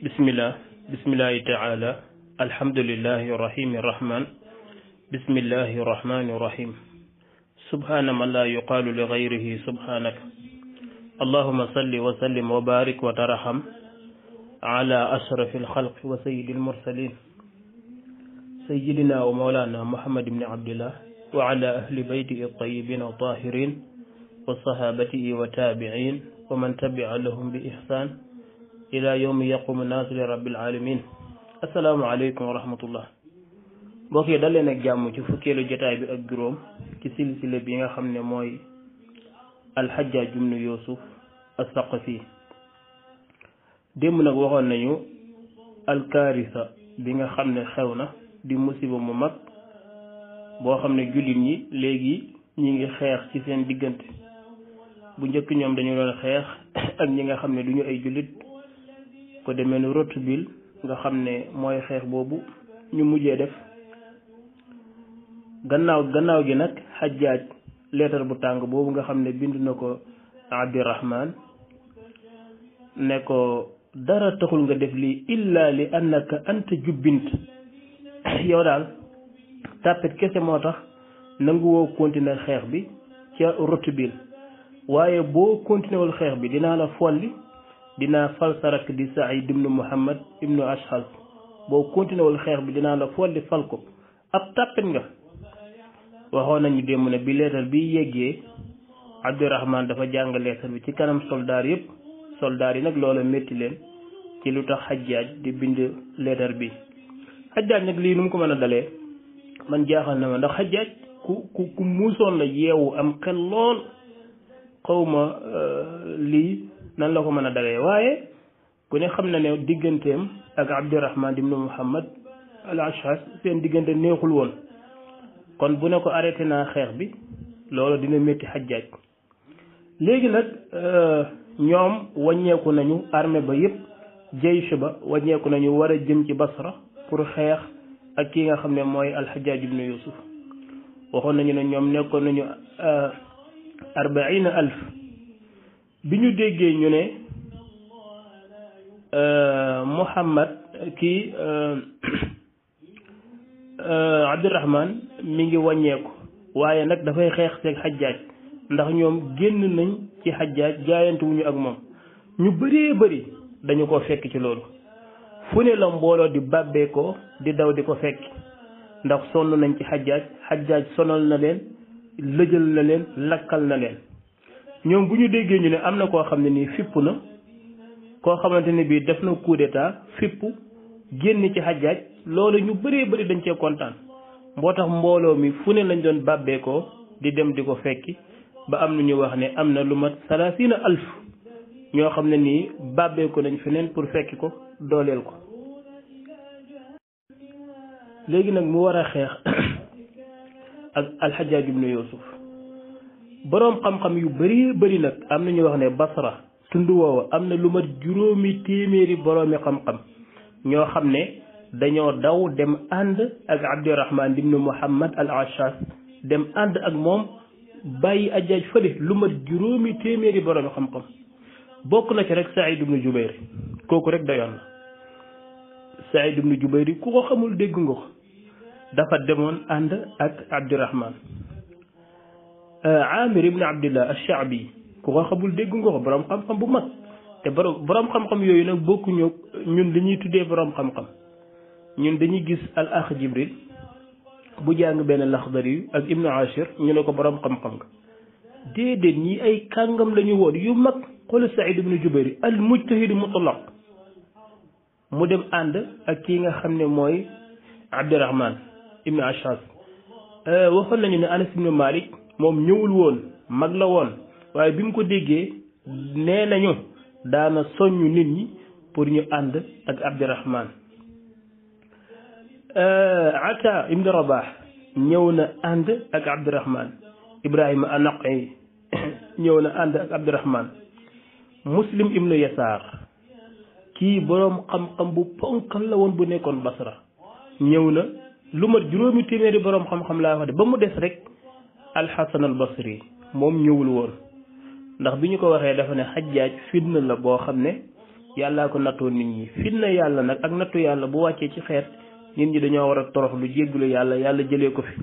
bismillah bismillahi taala alhamdulillahi rahimi rahman bismillahi rahmani rahim subhana man la yuqalu li gayrihi subhanaka allahuma salli wa sallim wa barik wa taraham ala ashrafi alxalqi wa sayidi almursalin sayidina wa mawlana muhammad ibni abdillah wa ala ahli baytihi altayibin altahirin wa sahabatihi wa tabiin wa man tabia lahum bi ihsan ila yawmi yaqumu naasu li rabbil alamin asalaamaaleykum wa rahmatullah mbokk yi dal leen jàmm ci fukkeelu jotaay bi ak juróom ci silsile bi nga xam ne mooy alxajjaaj ibnu yuusuf assaqafi démb nag waxoon nañu alkaarisa bi nga xam ne xew na di musiba mu mag boo xam ne jullit ñi léegi ñi ngi xeex ci seen diggante bu njëkk ñoom dañu doon xeex ak ñi nga xam ne duñu ay jullit ko demee ni Rotteville nga xam ne mooy xeex boobu ñu mujjee def gannaaw gannaaw gi nag xajjaaj leetar bu tàng boobu nga xam ne bind na ko Abdirahman ne ko dara taxul nga def lii illa li annaka anta jubbint yow daal tàppet kese moo tax nanguwoo continuer xeex bi ca Rotteville waaye boo continuer wul xeex bi dinaa la folli dinaa fal sa rakk di Saïd ibnu Muhammad ibnu Ashhal boo continué wul xeex bi dinaa la folli fal ko ab tàppit nga waxoon nañu démb ne bi leetar bi yeggee Abdourahman dafa jàng leetar bi ci kanam soldaar yëpp soldaar yi nag loola métti leen ci lu tax xajjaaj di bind leetar bi xajjaaj nag lii nu mu ko mën a dalee man jaaxal na ma ndax xajjaaj ku ku ku muusoon la yeewu am xel lool xaw euh, lii nan la ko mën a dalee waaye ku ne xam na ne digganteem ak Abdurahman ibnu Muhammad al Ashas seen diggante neexul woon kon bu ne ko arrêté naa xeex bi loolu dina métti xajjaaj léegi nag euh, ñoom wàññeeku nañu armée ba yëpp jaysh ba wàññeeku nañu war a jëm ci Basra pour xeex ak ki nga xam ne mooy alxajaaj ibnu Yusuf waxoon nañu ne ñoom nekkoon nañu euh, arbaina alf bi ñu déggee ñu ne euh, Muhammad kii euh, euh, Abdurahman mi ngi wàññeeku waaye nag dafay xeex seeg xajjaaj ndax ñoom génn nañ ci xajjaaj jaayante wuñu ak moom ñu bëree bëri dañu ko fekk ci loolu fu ne la mbooloo di bàbbee di daw di ko fekk ndax sonn nañ ci xajjaaj xajjaaj sonal na leen lëjal na leen lakkal na leen ñoom bu ñu déggee ñu ne am na koo xam ne nii fipp na koo xamante ne bii def na coup d'état fipp génn ci xajaaj loolu ñu bëree bëri dañ cee kontaan tax mbooloo mi fu ne lañ doon bàbbeekoo di dem di ko fekki ba am na ñu wax ne am na lu mat salaasina alf ñoo xam ne nii bàbbeeku nañ feneen pour fekki ko dooleel ko léegi nag mu war a xeex ak alxajaaj ibnu yusuf boroom xam-xam yu bari bari nag am na ñu wax ne basra tund woowa am na lu mat juróomi téeméeri boroomi xam-xam ñoo xam ne dañoo daw dem ànd ak abdirahman ibnu muhammad al ashas dem ànd ak moom bàyyi ajaaj fële lu mat juróomi téeméeri boroomi xam-xam bokk na ci rek saïd ibnu jubayr kooku rek dayoon na saïd ibnu jubayr ku ko xamul dégg nga ko dafa demoon ànd ak abdirahman Euh, Amir ibn Abdillah al-Shaabi ku ko xamul dégg nga ko borom xam-xam bu mag te borom borom xam-xam yooyu nag bokkuñu ñun li ñuy tuddee boroom xam-xam ñun dañuy gis al ax Jibril bu jàng benn Laxdari ak Ibnu Ashir ñu ne ko boroom xam-xam nga déedéet ñi ay kàngam la ñu woon yu mag xool Saïd ibnu Jubayr al mujtahid mutlaq mu dem ànd ak ki nga xam ne mooy Abdurahman ibnu Ashas euh, waxoon nañu ne Anas ibnu Malik moom ñëwul woon mag la woon waaye bi mu ko déggee nee nañu daana soññu nit ñi pour ñu ànd ak Abdurahman euh, Ata ibn Rabah ñëw na ànd ak Abdurahman Ibrahima Anaqi ñëw na ànd ak Abdurahman Muslim ibnu Yasaar kii boroom xam-xam bu ponkal la woon bu nekkoon Basra ñëw na lu mat juróomi téeméeri boroom xam-xam laa wax de ba mu des rek alxasan al basri moom ñëwul woon ndax bi ñu ko waxee dafa ne xajjaaj fitna la boo xam ne yàllaa ko nattoo nit ñi fitna yàlla nag ak nattu yàlla bu wàccee ci xeet nit ñi dañoo war a torox lu jéggulu yàlla yàlla jëlee ko fi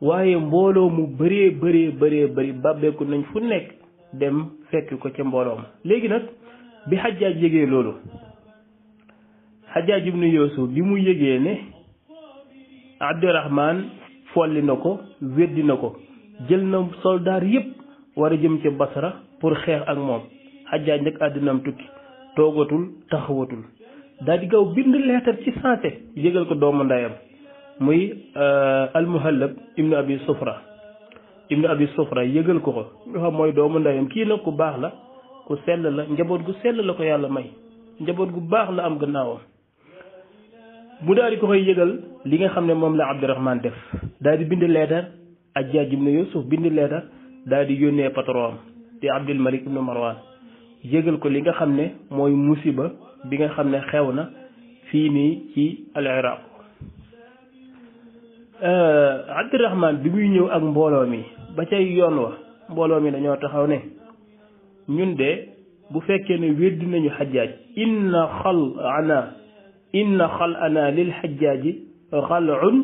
waaye mbooloo mu bëree bëree bëree bëri bàbbeeku nañ fu nekk dem fekk ko ca mbooloom léegi nag bi xajjaaj yégee loolu xajjaaj ibnu yuusuf bi mu yégee ne abdurahmaan folli na ko weddi na ko jël na soldaar yépp war a jëm ca Basra pour xeex ak moom Hajjaaj nag àddinam tukki toogatul taxawatul daal di gaaw bind leetar ci saate yëgal ko doomu ndeyam muy euh, almuhallab ibnu abi sufra ibnu abi sufra yëgal ko ko nga xam mooy doomu ndeyam kii nag ku baax la ku sell la njaboot gu sell la ko yàlla may njaboot gu baax la am gannaawam mu daal di ko koy yëgal li nga xam ne moom la Abdourahmane def daal di bind leetar Ajjaaj ibn Yuusuf bind leetar daal di yónnee patron di Abdul Malik ibn yëgal ko li nga xam ne mooy musiba bi nga xam ne xew na fii nii ci al Iraq euh, Abdourahmane bi muy ñëw ak mbooloo mi ba cay yoon wa mbooloo mi dañoo taxaw ne ñun de bu fekkee ne weddi nañu Xajjaaj inna xal ana in inna xal'ana lil xajjaaji xal'un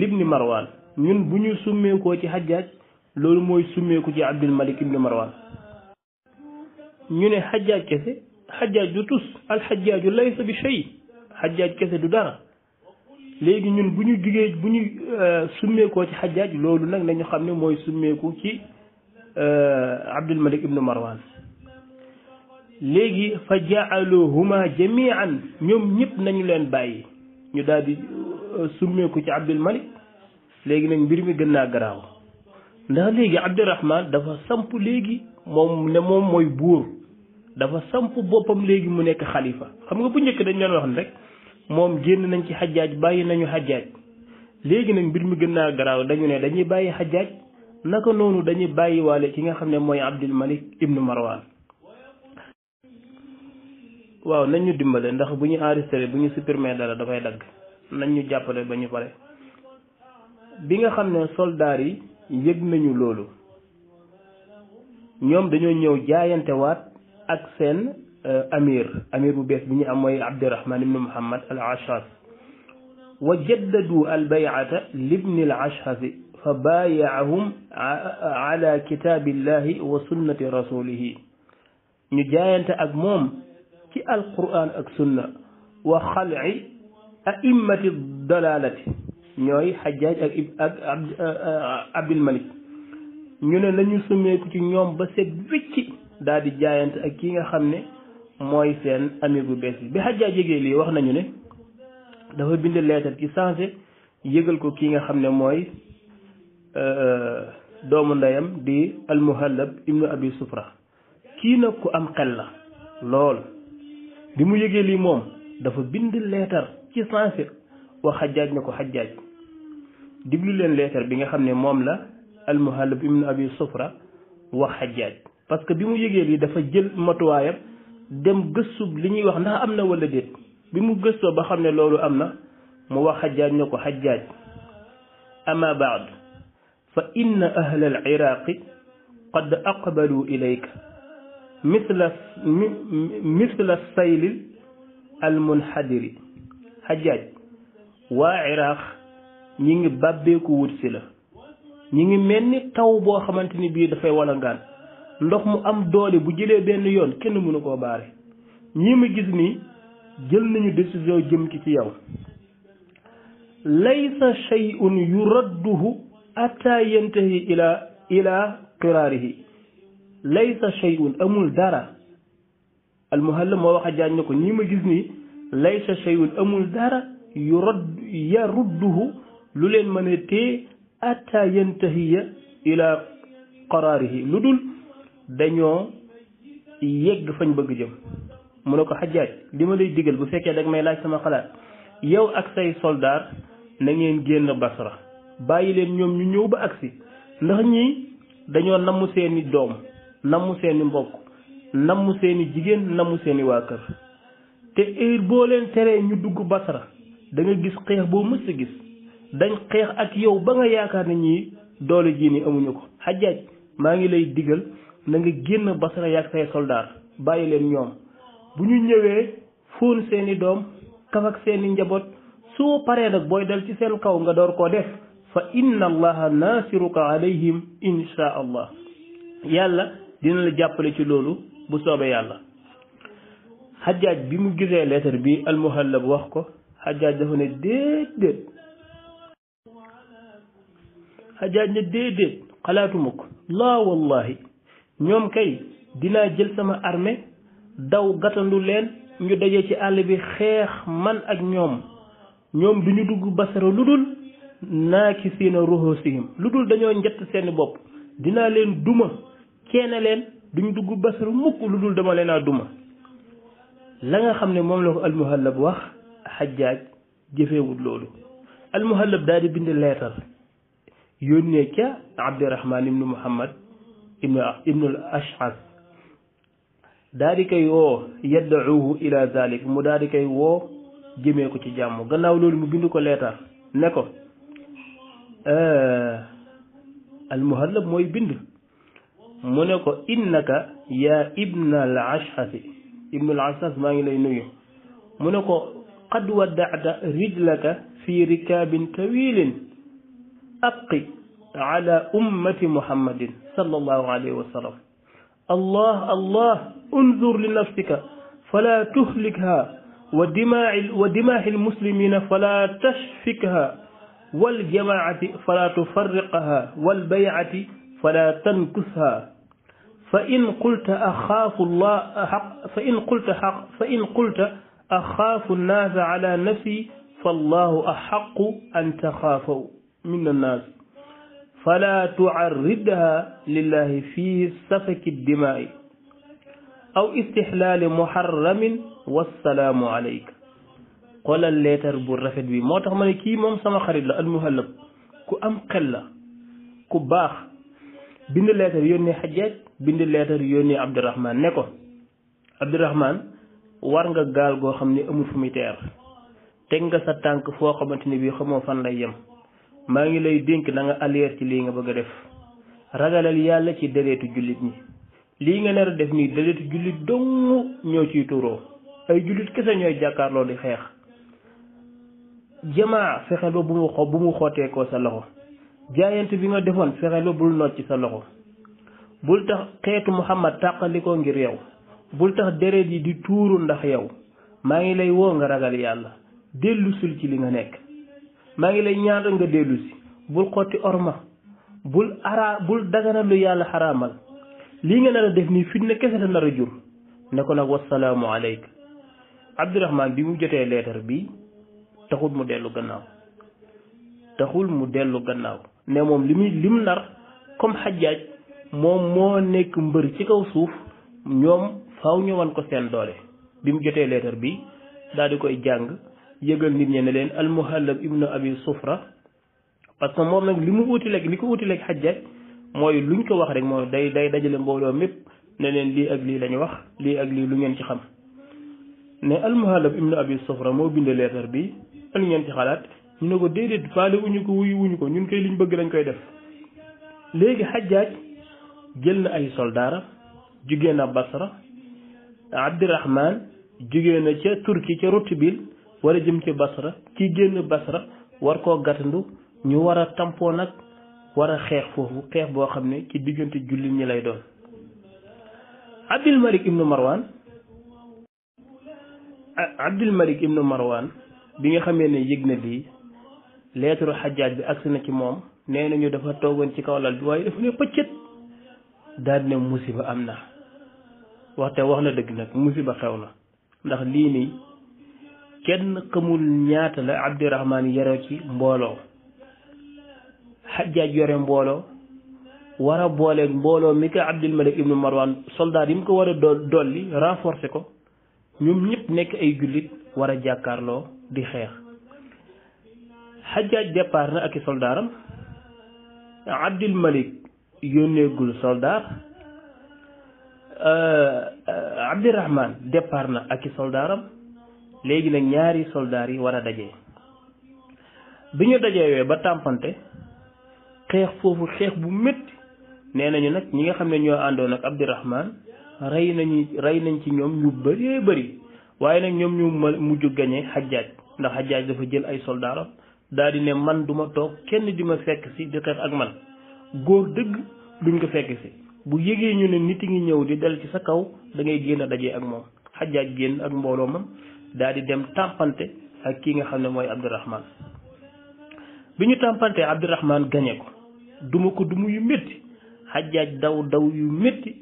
libni marwan ñun bu ñu summeekoo ci xajjaaj loolu mooy summeeku ci abdul malik ibni marwan ñu ne xajjaaj kese xajjaaj du tus alxajjaaju laysa bi shay xajjaaj kese du dara léegi ñun bu ñu jugee bu ñu euh, summeekoo ci xajjaaj loolu nag nañu xam ne mooy summeeku ci euh, abdul malik ibni marwan léegi fa jaaluhuma jamian ñoom ñëpp nañu leen bàyyi ñu daal di euh, summeeku ci abdul malik léegi nag mbir mi gën naa garaaw ndax léegi abdurahman dafa samp léegi moom ne moom mooy buur dafa samp boppam léegi mu nekk xalifa xam nga bu njëkk dañu leen wax ne rek moom génn nañ ci xajaaj bàyyi nañu xajaaj léegi nag mbir mi gën naa garaaw dañu ne dañuy bàyyi xajaaj naka noonu dañuy bàyyi waale ki nga xam ne mooy abdul malik ibnu marwan waaw nañ ñu dimbale ndax bu ñu enregistré bu ñu supprimer dara dafay dagg nañ ñu jàppale ba ñu pare bi nga xam ne soldaar yi yëg nañu loolu ñoom dañoo ñëw jaayante jaayantewaat ak seen euh, amir amir bu bees bi ñu am mooy abdirahman ibnu muhammad al ashas wa jaddadu al bayata libni al ashasi fa baayahum ala kitaabillahi wa sunnati rasulihi ñu jaayante ak moom ci alquran ak sunna wa xalci a'immati dalalati ñooy xajaaj ak ak abdul malik ñu ne nañu sumeeku ci ñoom ba seet wécci daal di jaayante ak ki nga xam ne mooy seen amir bu bees bi bi xajaaj yégee lii wax nañu ne dafa bind leetar ci sensé yëgal ko ki nga xam ne mooy euh, euh, doomu ndeyam di almuhallab ibnu abi sufra kii nag ku am xel la lool bi mu yëgee lii moom dafa bind leetar ci sansir wa xajaaj na ko xajaaj diglu leen leetar bi nga xam ne moom la almuhallab ibnu abi sufra wax xajaaj parce que bi mu yëgee lii dafa jël matuwaayam dem gëstu li ñuy wax ndax am na wala déet bi mu gëstoo ba xam ne loolu am na mu wax xajaaj na ko xajaaj ama baad fa inna ahla al iraqi qad aqbalu ilayka misla misla saylil almunhadiri xajaaj waa iraq ñi ngi bàbbeeku wut la ñi ngi mel ni taw boo xamante ni bii dafay walangaan ndox mu am doole bu jëlee benn yoon kenn mënu koo baare ñii ma gis nii jël nañu décision jëm ci ci yow laysa shay'un yuradduhu ataa yantahi ila ila qiraarihi laysa shay'un amul dara almuhallam moo wax a jaañ ko ñii ma gis nii laysa shay'un amul dara yu rodd yarudduhu lu leen mën a tee atta yantahiya ila yi lu dul dañoo yegg fañ bëgg jëm mu ne ko xajaaj li ma lay digal bu fekkee dag may laaj sama xalaat yow ak say soldaar na ngeen génn basra bàyyi leen ñoom ñu ñëw ba agsi ndax ñii dañoo namm seeni doom namm seeni mbokk namm seeni jigéen namm seeni waa kër te heure boo leen teree ñu dugg basara danga gis xeex boo mës a gis dañ xeex ak yow ba nga yaakaar ne ñii doole ji ni amuñu ko xajaaj maa ngi lay digal na génn basara yaag say soldaar bàyyi leen ñoom bu ñu ñëwee foon seeni doom kaf ak seeni njaboot soo paree nag booy dal ci seen kaw nga door koo def fa inna allaha naasiruka alayhim insha allah yàlla dina la jàppale ci loolu bu soobee yàlla xajaaj bi mu gisee lettre bi almuhallab wax ko xajaaj dafa ne déet déet xajaaj ne déet xalaatuma ko laa wallahi ñoom kay dinaa jël sama armée daw gatandu leen ñu daje ci àll bi xeex man ak ñoom ñoom duñu dugg basara lu dul naaki siina ruhusihim lu dul dañoo njett seen bopp dinaa leen duma ceene leen duñ dugg Basra mukk lu dul dama leen duma la nga xam ne moom la ko almuhallab wax xajjaaj jëfeewut loolu almuhallab daal bind leetar yónnee ca abdirahman ibnu muhammad ibnu ibnul ashas daal koy woo yaddacuuhu ila zalik mu daal di koy woo jëmee ko ci jàmm gannaaw loolu mu bind ko leetar ne ko almuhallab mooy bind mu ne ko innaka yaa ibna al ashxasi ibnu al ashxas maa ngi lay nuyu mu ne ko qad waddaata rijlaka fi rikaabin tawilin aqi ala ummati muhammadin sallallahu alayhi wa sallam allah allah unzur li nafsika fala tuhlikha wa dimaa'i wa dimaa'i almuslimina fala tashfikha wal jamaati fala tufarriqaha wal bay'ati fala tankusha fa in qulta axaafu allah xaq fa in qulta xaq fa in qulta axaafu nnaasa ala nafsi fallahu axaqu an taxaafaw min annaas fala tucarridha lillahi fi safaki dimaai aw istixlaali muharramin wassalaamu alayka xoolal leetar bu rafet bi moo tax ma ne kii moom sama xarit la almuhallab ku am xel la ku baax bind leetar yónnee Xajjaaj bind leetar yónnee Abdurahman ne ko Abdurahman war nga gaal goo xam ne amul fu muy teg nga sa tànk foo xamante ni bii xamoo fan lay yem maa ngi lay dénk na nga alerte ci lii nga bëgg a def ragalal yàlla ci dereetu jullit ñi lii nga nar a def nii dereetu jullit dong ñoo ciy tuuroo ay jullit kese ñooy jàkkaarloo di xeex jamaa fexe ba bu mu xo bu sa loxo. jaayante bi nga defoon fexelu bul noot sa loxo bul tax xeetu muhammad tàqalikoo ngir yow bul tax deret yi di tuuru ndax yow maa ngi lay woo nga ragal yàlla dellusul ci li nga nekk maa ngi lay ñaata nga dellusi bul xotti orma bul ara bul dagana yàlla xaraamal lii nga nar a def nii fitna kese la nar a jur ne ko nag wasalaamu aleyk abdurahmaan bi mu jotee leetar bi taxul mu dellu gannaaw taxul mu dellu gannaaw ne moom li muy lim nar comme xajjaaj moom moo nekk mbër ci kaw suuf ñoom faaw ñu wan ko seen doole bi mu jotee leetar bi daal di koy jàng yëgal nit ñi ne leen almuhallab ibnu abi sufra parce que moom nag li mu uuti lekk li ko uuti lekk xajjaaj mooy lu ñu ko wax rek mooy day day dajale mbooloo mépp ne leen lii ak lii lañu wax lii ak lii lu ngeen ci xam ne almuhallab ibnu abi sufra moo bind leetar bi lu ngeen ci xalaat ñu ne ko déedéet faale wuñu ko wuyu wuñu ko ñun koy liñ bëgg dañ koy def léegi xajjaaj jël na ay soldaara jugee na Basra Abdirahman jugee na ca Turki ca Rotibil wala jëm ci Basra ki génn Basra war koo gàttandu ñu war a tampoo nag war a xeex foofu xeex boo xam ne ci diggante jullit ñi lay doon Abdul Malik ibnu Marwan Abdul Malik ibnu bi nga xamee ne yëg na lii leetaru xajjaaj bi agsi na ci moom nee nañu dafa toogoon ci kaw lal bi waaye dafa ne pëccët daal ne musiba am na waxte wax na dëgg nag musiba xew na ndax lii nii kenn xamul ñaata la Abdurahmaan yore ci mbooloo xajjaaj yore mbooloo war a booleeg mbooloo mi ko Abdul Malik ibnu Marwan soldat yi mu ko war a dool dolli renforcer ko ñoom ñépp nekk ay jullit war a jàkkaarloo di xeex xajaaj départ na ak soldaaram abdil malik yónneegul soldaar euh, abdirahman départ na ak i soldaaram léegi nag ñaari soldaar yi war a daje bi ñu dajewee ba tàmpante xeex foofu xeex bu métti nee nañu nag ñi nga xam ne ñoo àndoon ak abdirahman rey nañu rey nañ ci ñoom ñu bëree bëri waaye nag ñoom ñu mujj gañe xajaaj ndax xajaaj dafa jël ay soldaaram daal di ne man duma toog kenn di ma fekk si di xeex ak man góor dëgg duñ ko fekk si bu yégee ñu ne nit ngi ñëw di dal ci sa kaw da ngay génn dajee ak moom xajaaj génn ak mbooloo mam daal di dem tàmpante ak kii nga xam ne mooy Abdourahman bi ñu tàmpante Abdourahman gañe ko duma ko dumu yu métti xajaaj daw daw yu metti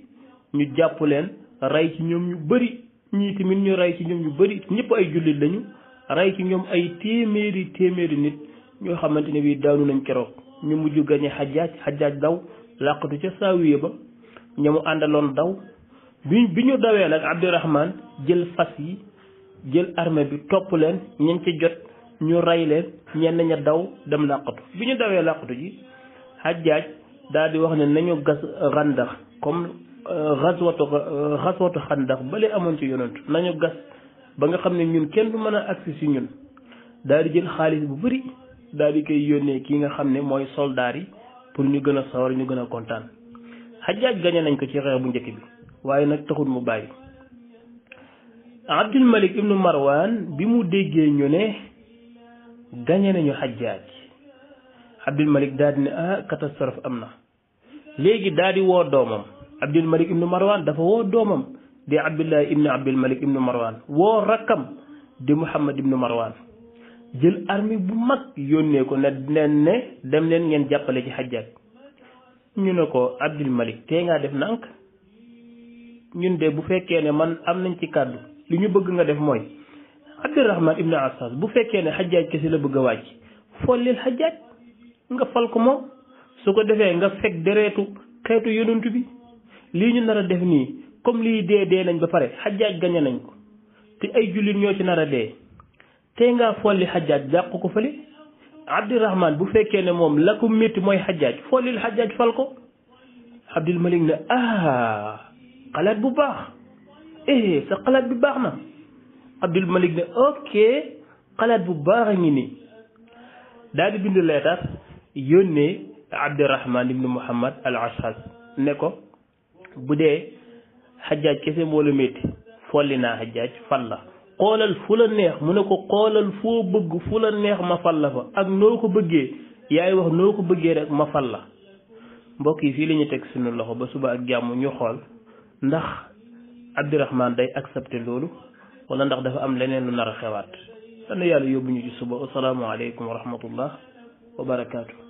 ñu jàpp leen rey ci ñoom ñu bëri ñii tamit ñu rey ci ñoom ñu bari ñëpp ay jullit lañu rey ci ñoom ay téeméeri téeméeri nit ñoo xamante ne bii daanu nañ keroog ñu mujj gañe xajaaj xajaaj daw làqatu ca saawiye ba ña mu àndaloon daw bi bi ñu dawee nag Abdurahman jël fas yi jël armée bi topp leen ñañ ci jot ñu rey leen ñenn ña daw dem làqatu bi ñu dawee làqatu ji xajaaj daal di wax ne nañu gas xandax comme xaswatu euh, xaswatu euh, xandax bale amoon ci yonent nañu gas ba nga xam ne ñun kenn du mën a agsi si ñun daal di jël xaalis bu bari daal di koy yónnee ki nga xam ne mooy soldaar yi pour ñu gën a sawar ñu gën a kontaan xajaaj gañe nañ ko ci xeex bu njëkk bi waaye nag taxul mu bàyyi abdul malik ibnu marwan bi mu déggee ñu ne gañe nañu xajaaj abdul malik daal di ne ah catastrophe am na léegi daal di woo doomam abdul malik ibnu marwan dafa woo doomam di abdullah ibnu abdul malik ibnu marwan woo rakkam di muhammad ibnu marwan jël armée bu mag yónnee ko ne leen ne dem leen ngeen jàppale ci xajjaaj ñu ne ko abdul malik tee ngaa def nànk ñun de bu fekkee ne man am nañ ci kàddu li ñu bëgg nga def mooy abdurahman ibnu assas bu fekkee ne xajjaaj kese la bëgg a wàcc follil xajjaaj nga fal ko moom su ko defee nga fekk dereetu xeetu yonantu bi lii ñu nar a def nii comme lii dee dee nañ ba pare xajaaj gañe nañ ko te ay jullit ñoo ci nar a dee tey ngaa folli xajaaj jàq ko fële abdirahman bu fekkee ne moom la ko métti mooy xajaaj follil xajaaj fal ko abdul malik ne ah xalaat bu baax eh sa xalaat bi baax na abdul malik ne ok xalaat bu baax a ngi nii daal di bind leetar yónnee abdirahman ibnu muhammad al ashas ne ko bu dee xajaaj kese moo la métti folli naa xajaaj fal la xoolal fu la neex mu ne ko xoolal foo bëgg fu la neex ma fal la fa ak noo ko bëggee yaay wax noo ko bëggee rek ma fal la mbokk yi fii lañuy ñu teg suñu loxo ba suba ak jàmm ñu xool ndax Abdourahmane day accepté loolu wala ndax dafa am leneen lu nar a xewaat dana yàlla yóbbu ñu ci suba asalaamaaleykum wa rahmatullah wa